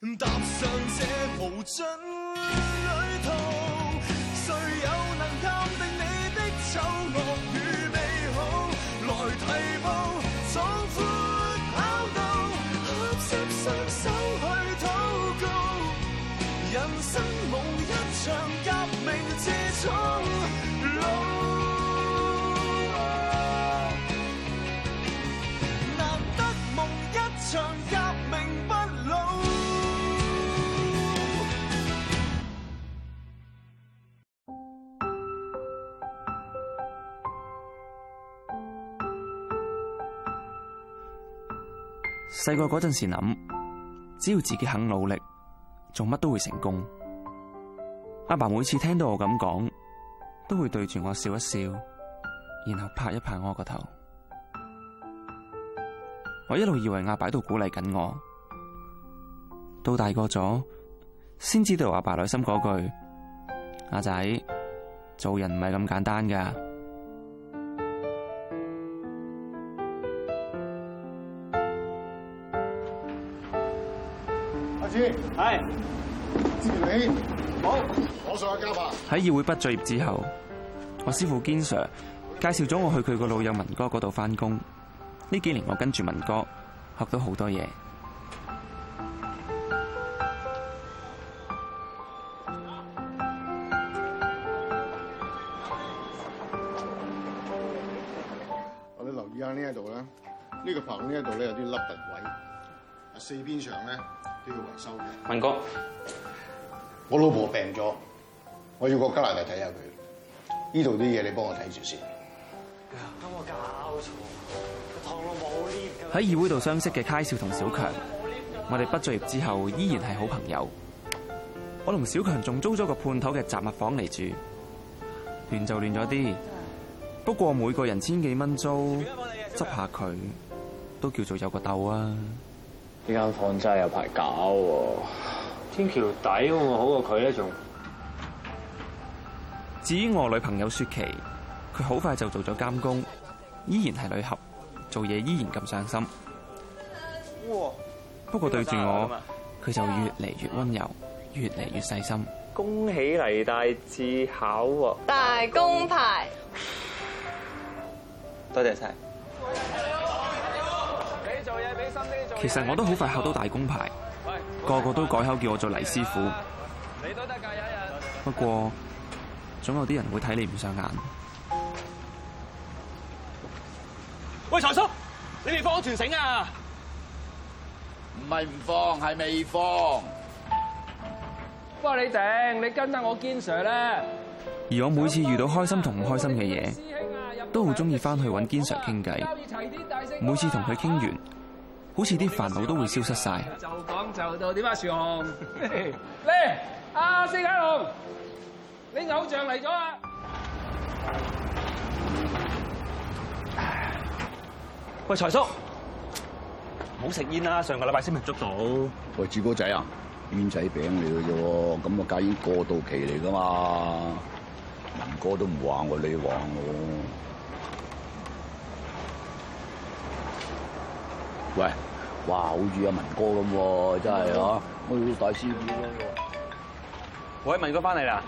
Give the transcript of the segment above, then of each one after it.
踏上這無盡旅途，誰又能鑑定你的醜惡與美好？來提步，壯闊跑道，合十雙手去禱告。人生無一場革命至，這種。細個嗰陣時諗，只要自己肯努力，做乜都會成功。阿爸每次聽到我咁講，都會對住我笑一笑，然後拍一拍我個頭。我一路以為阿爸喺度鼓勵緊我，到大個咗，先知道阿爸內心嗰句：阿仔，做人唔係咁簡單噶。係是，志偉，好，我上去交吧。喺議會畢咗業之後，我師傅堅 Sir 介紹咗我去佢個老友文哥嗰度翻工。呢幾年我跟住文哥學到好多嘢。我哋 留意下呢一度咧，呢、呢個棚呢一度咧有啲凹凸位，四邊牆咧。文哥，我老婆病咗，我要過加拿大睇下佢。呢度啲嘢你幫我睇住先。咁我搞錯，喺 議樂會度相識嘅 Kai 少同小強， 我哋畢咗業之後依然係好朋友。我同小強仲租咗個判頭嘅雜物房嚟住，亂就亂咗啲。不過每個人千幾蚊租，執下佢都叫做有個竇啊。呢間房真係有排搞喎，天橋底會好過佢咧？仲至於我女朋友雪琪，佢好快就做咗監工，依然係女俠，做嘢依然咁上心。哇不過對住我，佢就越嚟越溫柔，越嚟越細心。恭喜黎大志考大工牌。多謝晒！其實我都好快考到大工牌。喂個個都改口叫我做黎師傅。你都得㗎！有人，不過，總有啲人會睇你唔上眼。喂，財叔，你放我、啊、不不放未放全繩啊？唔係唔放，係未放。不過你定，你跟得我堅 Sir 咧。而我每次遇到開心同唔開心嘅嘢，都好中意翻去搵堅 Sir 傾偈。每次同佢傾完。好似啲煩惱都會消失晒。就講就到，點啊，徐鴻？嚟，阿四眼龍，你偶像嚟咗啊？喂，財叔，唔好食煙啦！上個禮拜先咪捉到。喂，志哥仔啊，煙仔餅嚟嘅啫，咁啊戒煙過渡期嚟噶嘛。文哥都唔話我，你話我？喂。哇，好似阿文哥咁喎，真係啊，我要帶師傅咯喎。喂， 文哥翻嚟啦？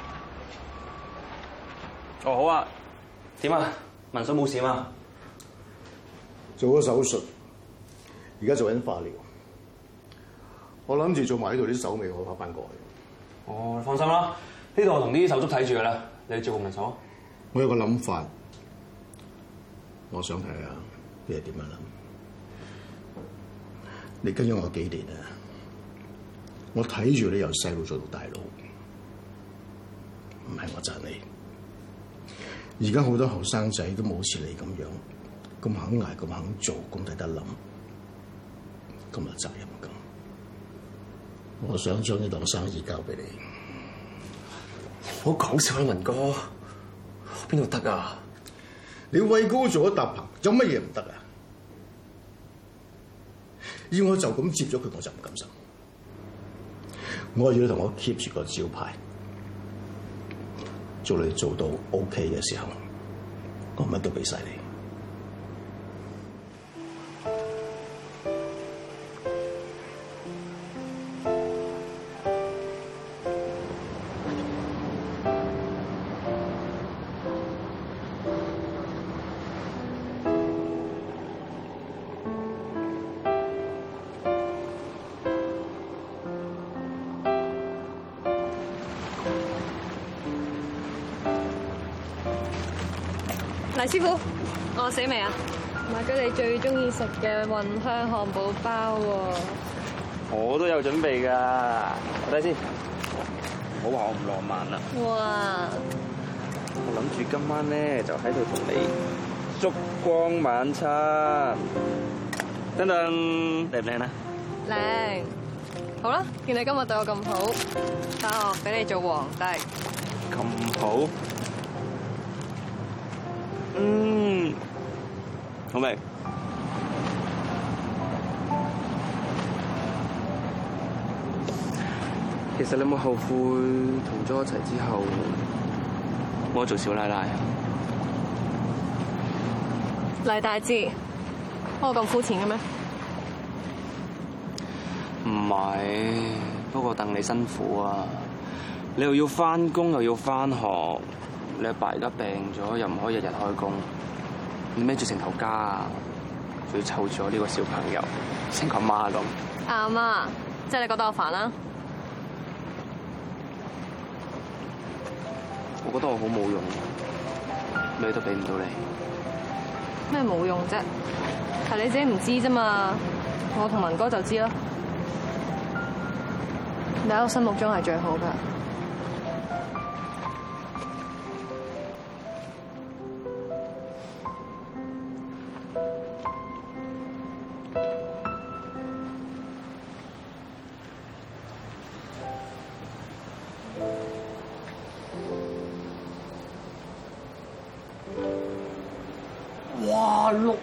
哦，好啊。點啊？文嫂冇事啊嘛？做咗手術，而家做緊化療。我諗住做埋呢度啲手尾，我翻翻過去。哦，放心啦，呢度我同啲手足睇住噶啦，你照顧文嫂。我有個諗法，我想睇下，你係點樣諗？你跟咗我幾年啊？我睇住你由細路做到大佬，唔係我讚你。而家好多後生仔都冇似你咁樣，咁肯捱，咁肯做，咁睇得諗，咁有責任感。我想將呢檔生意交俾你。唔好講笑啦，文哥，邊度得啊？你畏高做咗搭棚，做乜嘢唔得啊？要我就咁接咗佢，我就唔敢收。我要你同我 keep 住個招牌，做你做到 OK 嘅時候，我乜都俾曬你。食嘅雲香漢堡包喎，我都有準備㗎，睇先，好話我唔浪漫啊！哇！我諗住今晚咧就喺度同你燭光晚餐，等等靚唔靚啊？靚，好啦，見你今日對我咁好，我俾你做皇帝，咁好？嗯，好未？其實你有冇後悔同咗一齊之後我做小奶奶？黎大志，我咁膚淺嘅咩？唔係，不過等你辛苦啊！你又要翻工又要翻學，你阿爸而家病咗，又唔可以日日開工，你咩住成頭家啊？仲要湊咗我呢個小朋友，成個媽咁。阿媽，即係你覺得我煩啦？我覺得我好冇用，咩都俾唔到你。咩冇用啫？係你自己唔知啫嘛。我同文哥就知囉。你喺我心目中係最好噶。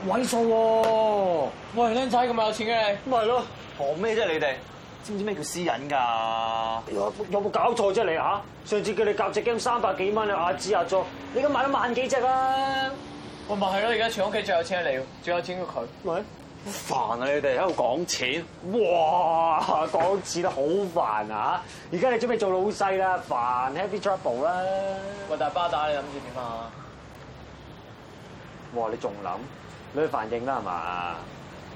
位數喎，我係靚仔咁有錢嘅是，咪係咯。學咩啫你哋？知唔知咩叫私隱㗎？有冇搞錯啫你嚇？上次叫你夾隻 game 三百幾蚊，你壓支壓莊，你而家買咗萬幾隻啊？我咪係咯，而家全屋企最有錢嘅你，最有錢嘅佢，咪。煩啊你哋喺度講錢，哇講錢得好煩啊，而家你準備做老細啦，煩 happy trouble 啦。喂，大巴打你諗住點啊？哇！你仲諗？你反應啦係嘛？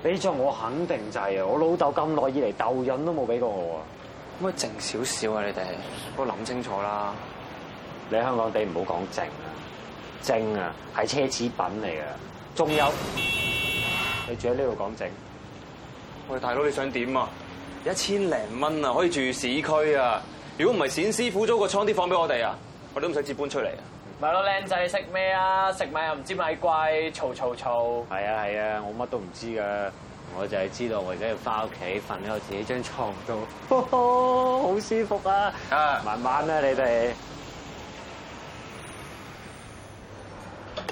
呢張我肯定就係啊！我老豆咁耐以嚟，豆印都冇俾過我啊。咁咪靜少少啊！你哋都諗清楚啦。你喺香港地唔好講靜啊，靜啊係奢侈品嚟㗎。仲有你住喺呢度講靜，喂，大佬你想點啊？一千零蚊啊，可以住市區啊！如果唔係冼師傅租個倉啲房俾我哋啊，我哋都唔使接搬出嚟。啊。咪咯，靚仔食咩啊？食米又唔知米貴，嘈嘈嘈！係啊係啊，我乜都唔知噶，我就係知道我而家要翻屋企瞓喺我自己張床度，好舒服啊，慢慢啊！慢慢啦，你哋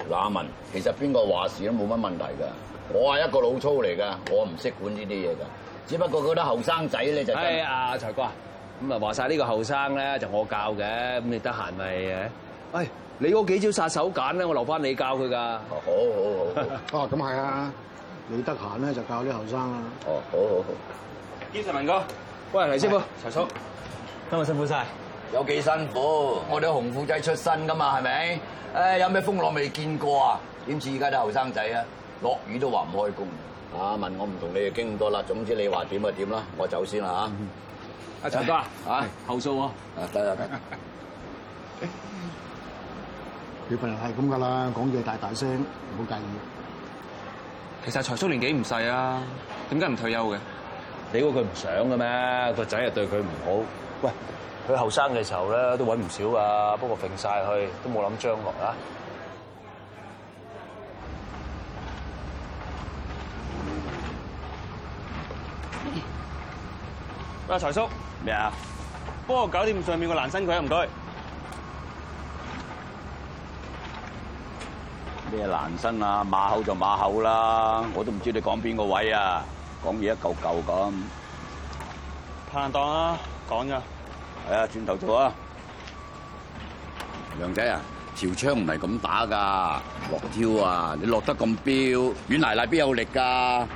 嗱，阿文其實邊個話事都冇乜問題㗎。我係一個老粗嚟㗎，我唔識管呢啲嘢㗎。只不過覺得後生仔咧就係啊、哎，財哥咁啊話晒，呢個後生咧就我教嘅。咁你得閒咪誒，喂、哎。你嗰幾招殺手鐧咧，我留翻你教佢噶。好，好，好。好 哦，咁係啊，你得閒咧就教啲後生啊。哦，好，好，好。堅 sir 文哥，喂，黎師傅，陳是叔，今日辛苦晒，有幾辛苦？是我哋紅褲仔出身噶嘛，係咪？誒，有咩風浪未見過啊？點知而家啲後生仔啊？落雨都話唔開工。啊，問我唔同你哋傾咁多啦。總之你話點就點啦，我先走先啦嚇。阿陳叔啊，嚇後數喎。啊，得得得。佢朋友係咁噶啦，講嘢大大聲，唔好介意。其實財叔年紀唔細啊，點解唔退休嘅？你估佢唔想嘅咩？個仔又對佢唔好。喂，佢後生嘅時候咧都揾唔少啊，不過揈晒去，都冇諗將來啊。喂，財叔，咩啊？麼幫我搞掂上面個男生，佢啊！唔該。咩爛身啊？馬口就馬口啦，我都唔知你講邊個位啊？講嘢一嚿嚿咁，拍檔啦，講咋？係啊，轉頭做啊！楊仔啊，條槍唔係咁打噶，落跳啊！你落得咁彪，軟奶奶邊有力噶、啊？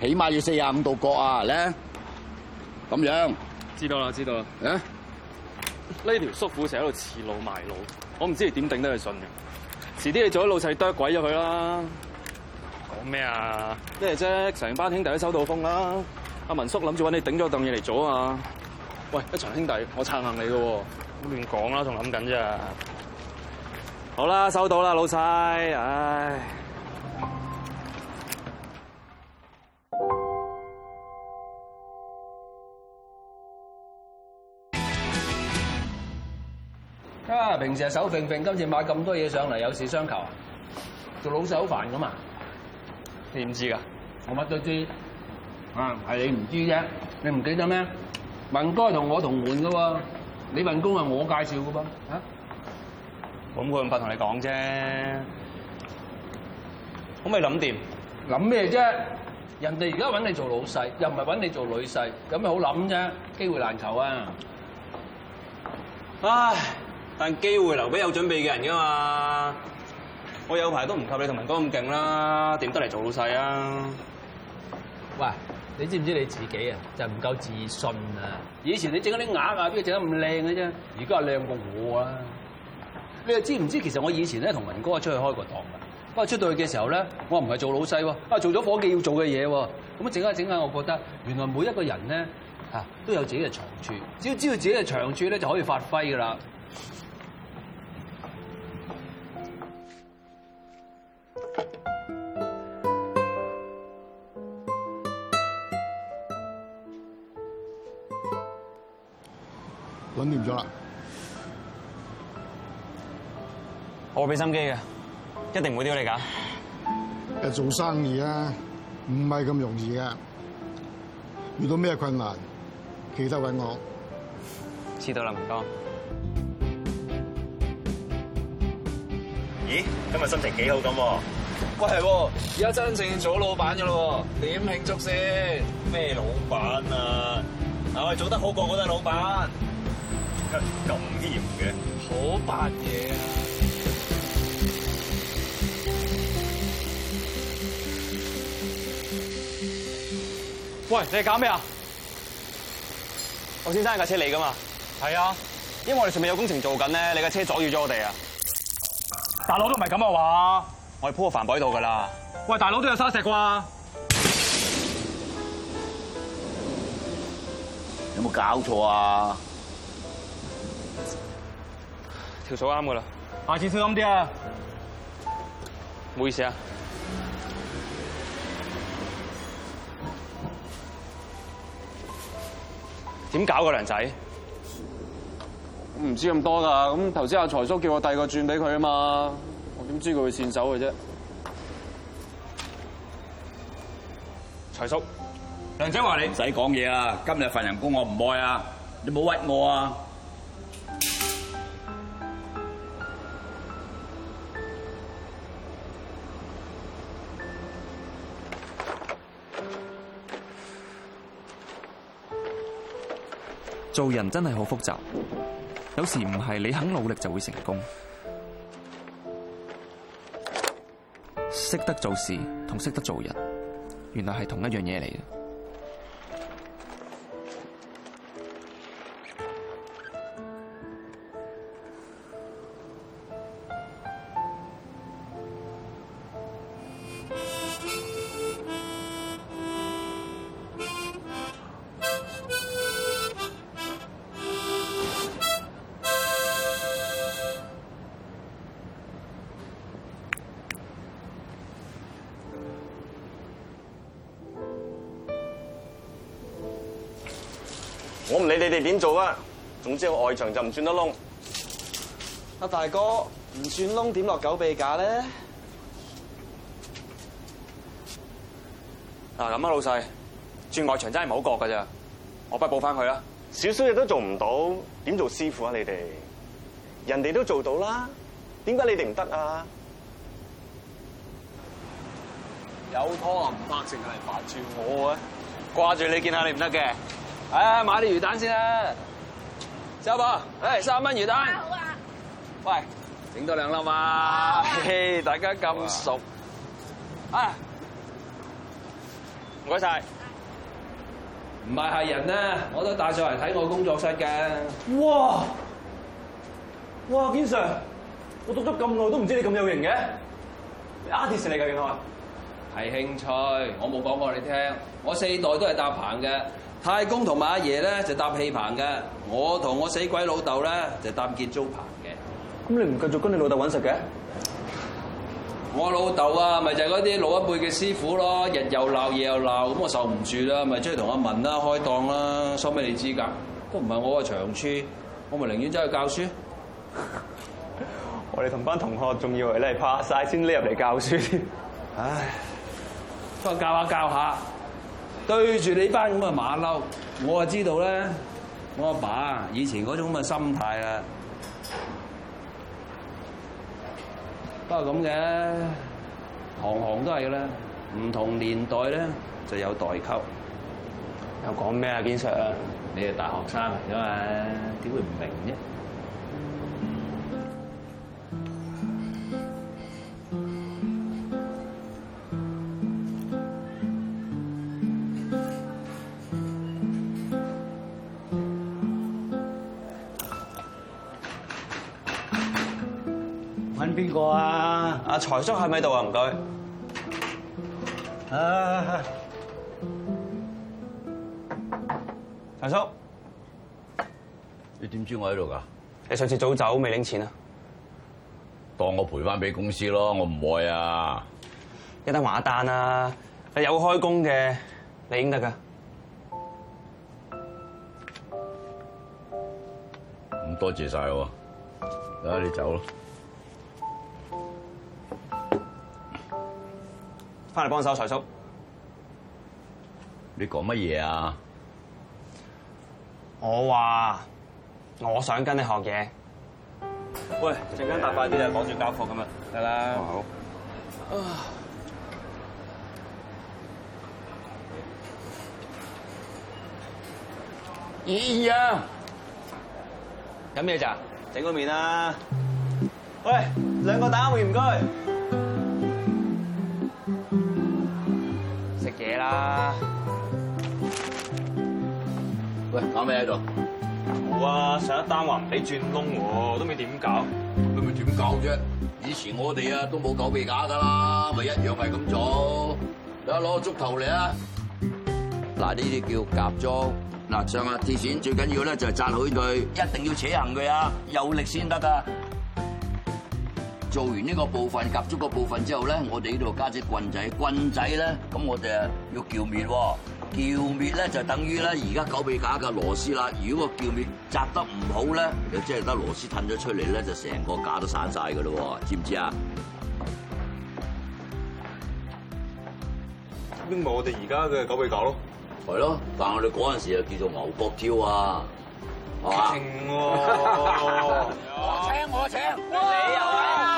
起碼要四十五度角啊！嚟，咁樣知。知道啦，知道啦。誒，呢條叔父成日喺度恃老賣老，我唔知你點頂得佢順嘅。遲啲你做咗老細剁鬼咗佢啦！講咩啊？咩啫？成班兄弟都收到風啦！阿文叔諗住揾你頂咗檔嘢嚟做啊！喂，一場兄弟，我撐硬你㗎，唔好亂講啦，仲諗緊咋？好啦，收到啦，老細，唉。啊！平時係手揈揈，今次買咁多嘢上嚟，有事相求，做老細好煩噶嘛？你唔知噶？我乜都知啊，係、嗯、你唔知啫。你唔記得咩？文哥同我同門噶喎，你份工係我介紹噶噃啊？咁我唔得同你講啫。可唔可以諗掂？諗咩啫？人哋而家揾你做老細，又唔係揾你做女婿，有咩好諗啫？機會難求啊！唉～但機會留俾有準備嘅人㗎嘛！我有排都唔及你同文哥咁勁啦，點得嚟做老細啊？喂，你知唔知你自己啊？就唔夠自信啊！以前你整嗰啲額啊，邊度整得咁靚嘅啫？而家係靚過我啊！你又知唔知其實我以前咧同文哥出去開過檔，不過，出到去嘅時候咧，我唔係做老細喎，啊，做咗伙計要做嘅嘢喎。咁整下整下，我覺得原來每一個人咧嚇都有自己嘅長處，只要知道自己嘅長處咧就可以發揮㗎啦。搵完咗啦，我會俾心機嘅，一定唔會丟你噶。誒，做生意啊，唔係咁容易嘅，遇到咩困難，記得搵我。知道啦，唔該。咦，今日心情幾好咁？喂，而家真正做老闆嘅咯，點慶祝先？咩老闆啊？係咪做得好過嗰啲老闆？咁嚴嘅，好扮嘢啊！喂，你搞咩啊？我先生架車嚟噶嘛？係啊，因為我哋上面有工程做緊咧，你架車阻住咗我哋啊！大佬都唔係咁啊嘛，我鋪個飯擺喺度噶啦。喂，大佬都有沙石啩？有冇搞錯啊？條數啱噶啦，下次小心啲啊！唔好意思啊，點搞個靚仔？唔知咁多㗎，咁頭先阿財叔叫我遞個轉俾佢啊嘛，我點知佢會線手嘅啫？財叔，梁仔說話你唔使講嘢啊。今日份人工我唔愛啊，你冇屈我啊！做人真係好複雜。有時唔係你肯努力就會成功，識得做事同識得做人，原來係同一樣嘢嚟嘅。總之外牆就唔算得窿，阿大哥唔算窿點落狗臂架咧？嗱咁啊，老細轉外牆真係唔好覺噶咋？我快補翻佢啦！少少嘢都做唔到，點做師傅啊？你哋人哋都做到啦，點解你哋唔得啊？有拖啊，唔拍淨係嚟煩住我嘅，掛住你見下你唔得嘅，唉，買啲魚蛋先啦。師傅，誒，hey，三蚊魚蛋。啊啊、喂，整多兩粒嘛。啊。啊大家咁熟。哇啊。唔該晒。唔係客人啦，我都帶上嚟睇我工作室嘅。哇！哇，堅 Sir，我讀咗咁耐都唔知你咁有型嘅。artist 嚟噶，原來。係興趣，我冇講過你聽。我四代都係搭棚嘅。太公同埋阿爺咧就搭戲棚嘅。我同我死鬼老豆咧就搭建築棚嘅。咁你唔繼續跟你老豆揾食嘅？我老豆啊，咪就係嗰啲老一輩嘅師傅咯，日又鬧夜又鬧，咁我受唔住啦，咪即係同阿文啦開檔啦，收皮，你知噶。都唔係我嘅長處，我咪寧願走去教書。 我哋同班同學仲以為你係怕晒，先匿入嚟教書，唉，不過教下教下。教對住你班咁嘅馬騮，我就知道咧，我阿爸啊，以前嗰種咁嘅心態啦，都係咁嘅，行行都係嘅啦，唔同年代咧就有代溝。又講咩啊，堅 sir 啊，你係大學生嚟噶嘛，點會唔明啫？搵邊個啊？阿財叔係咪度啊？唔該。啊，財叔，你點知我喺度㗎？你上次早走未領錢啊？當我賠翻俾公司咯，我唔會啊。一得還一單啊！有開工嘅，你應得㗎。咁多謝晒喎，啊！你走啦。翻嚟幫手，財叔。你講乜嘢啊？我話我想跟你學嘢。喂，陣間搭快啲啊！攞住膠拖咁啊！得啦，呃、好。咦呀！飲咩啫？整個麵啊！喂，兩個打麵唔該。搞咩喺度？冇啊！上一單話唔俾鑽窿，我都未點搞。佢咪點搞啫？以前我哋啊都冇狗臂架噶啦，咪一樣係咁做。等我攞個竹頭嚟啊！嗱，呢啲叫夾竹。嗱，上下鐵線最緊要咧就紮好佢，一定要扯行佢啊，有力先得噶。做完呢個部分夾足個部分之後咧，我哋呢度加隻棍仔，棍仔咧咁我哋啊要叫面。撬面咧就等於咧，而家九臂架嘅螺絲啦。如果個撬面紮得唔好咧，就即係得螺絲褪咗出嚟咧，就成個架都散晒噶咯，知唔知啊？呢咪我哋而家嘅九臂架咯，係咯。但係我哋嗰陣時又叫做牛角挑害啊，啊？ 我請我請你，你啊？哇啊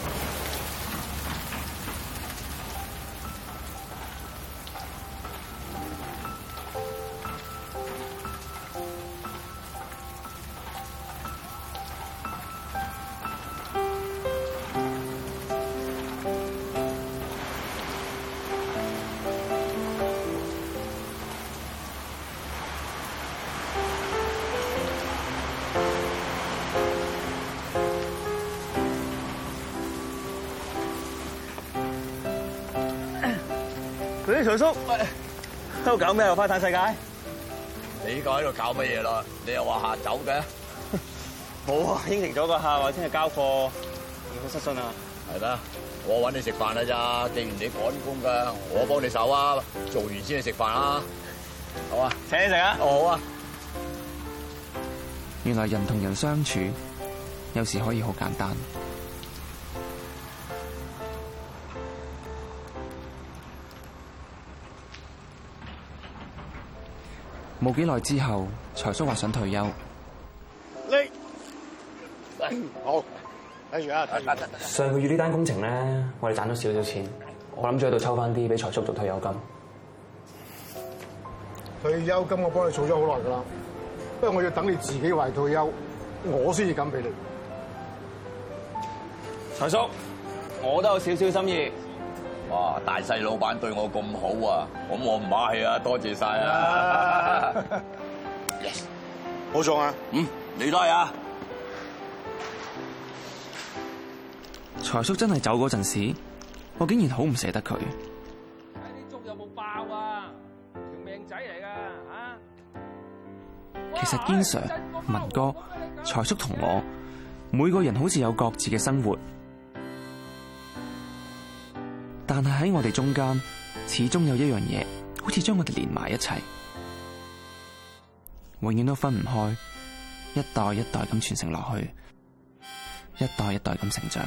徐叔，喺度喂搞咩啊？花旦世界，你依個喺度搞乜嘢咯？你又話下走嘅 ，冇啊！應承咗個客戶，聽日交貨，唔好失信啊！係啦？我揾你食飯啦咋？既然你趕工噶，我幫你手啊！做完先去食飯啦。好啊，請你食啊！我好啊。原來人同人相處，有時可以好簡單。冇幾耐之後，財叔話想退休。你， 好，等住啊，等住。等等等等，上個月呢單工程咧，我哋賺咗少少錢，我諗住喺度抽返啲俾財叔做退休金。退休金我幫你儲咗好耐㗎喇，不過我要等你自己為退休，我先至敢俾你。財叔，我都有少少心意。哇！大細老闆對我咁好啊，咁我唔馬氣啊，多謝晒啊 ！Yes，好重啊，嗯，你都係啊！財叔真係走嗰陣時，我竟然好唔捨得佢。睇啲粥有冇爆啊？條命仔嚟噶啊！其實堅 Sir、文哥、財叔同我，每個人好似有各自嘅生活。但係喺我哋中間，始終有一樣嘢，好似將我哋連埋一齊，永遠都分唔開，一代一代咁傳承落去，一代一代咁成長。